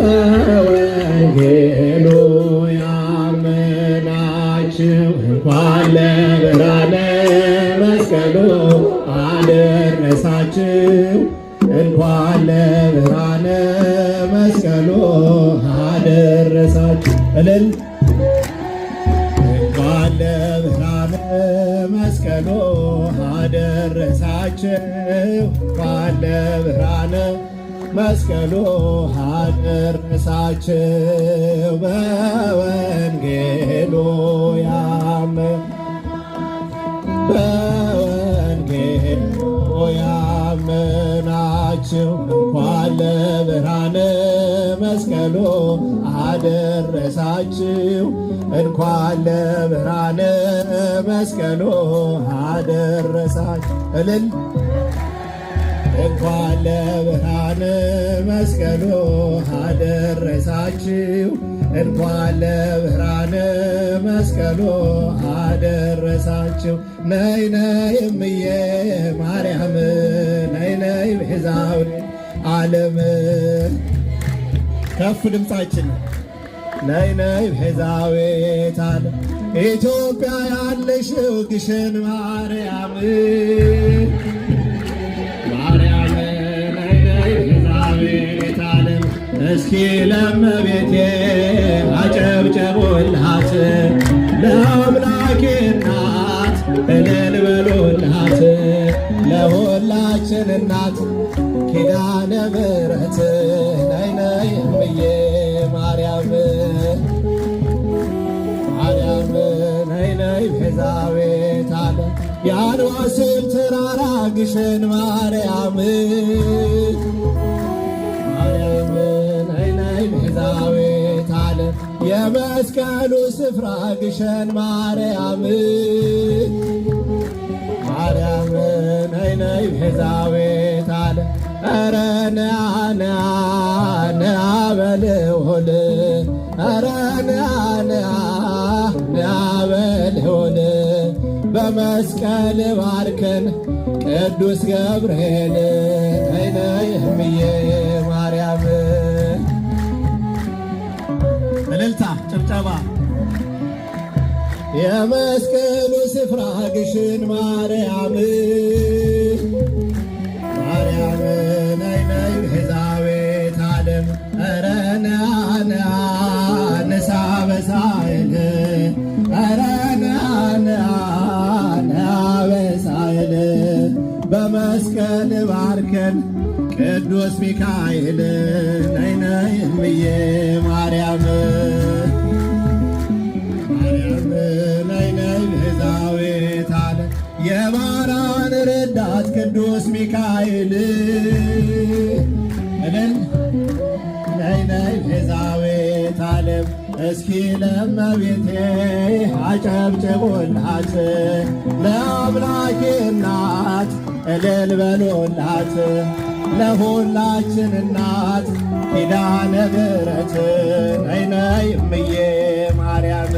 በወንጌሉ ያመናችሁ እንኳን ለብርሃነ መስቀሉ አደረሳችሁ። እንኳን ለብርሃነ መስቀሉ አደረሳችሁ። እልል እንኳን ለብርሃነ መስቀሉ አደረሳችሁ። እንኳን ለብርሃነ መስቀሉ አደረሳቸው በወንጌሉ ያመ በወንጌሉ ያመናችሁ እንኳን ለብርሃነ መስቀሉ አደረሳችሁ እንኳን ለብርሃነ መስቀሉ አደረሳችሁ እልል እንኳን ለብርሃነ መስቀሉ አደረሳችሁ እንኳን ለብርሃነ መስቀሉ አደረሳችሁ። ነይ ነይ እምዬ ማርያም ነይ ነይ ቤዛው ዓለም ከፍ ድምፃችን ነይ ነይ ቤዛዊት ዓለም ኢትዮጵያ ያለሽው ግሽን ማርያም እስኪ ለእመቤቴ አጨብጨቡልሃት፣ ለአምላኬ እናት እልል በሉልሃት። ለሁላችን እናት ኪዳነ ምሕረት ነይ ነይ እምዬ ማርያም ማርያም ነይ ነይ ቤዛዊተ ዓለም ተራራ ግሸን ማርያም የመስቀሉ ስፍራ ግሸን ማርያም ማርያም ነይ ነይ ቤዛዊት አለ ኧረ ንያ ንያ ንያ በልሁል ኧረ ንያ ንያ ንያ በልሁል በመስቀል ባርከን ቅዱስ ገብርኤል ነይ ነይ እምዬ ማርያም እልልታ፣ ጭብጨባ የመስቀሉ ስፍራ ግሽን ማርያም ገብርኤል ባርከን ቅዱስ ሚካኤል ነይነ እምዬ ማርያም ማርያም ነይነ ቤዛዊተ ዓለም የባራን ረዳት ቅዱስ ሚካኤል እልል ነይነ ቤዛዊተ ዓለም እስኪ ለመቤቴ አጨብጭቡላት፣ ለአምላኬ እናት እልል በሉላት። ለሁላችን እናት ኪዳነ ምሕረት ነይ ነይ እምዬ ማርያም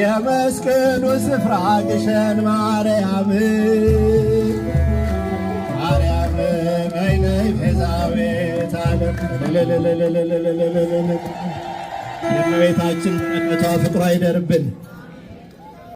የመስቀሉ ስፍራ ግሸን ማርያም ነሽ ቤዛቤት ዓለም እመቤታችን ጸሎቷ ፍቅሯ ይደርብን።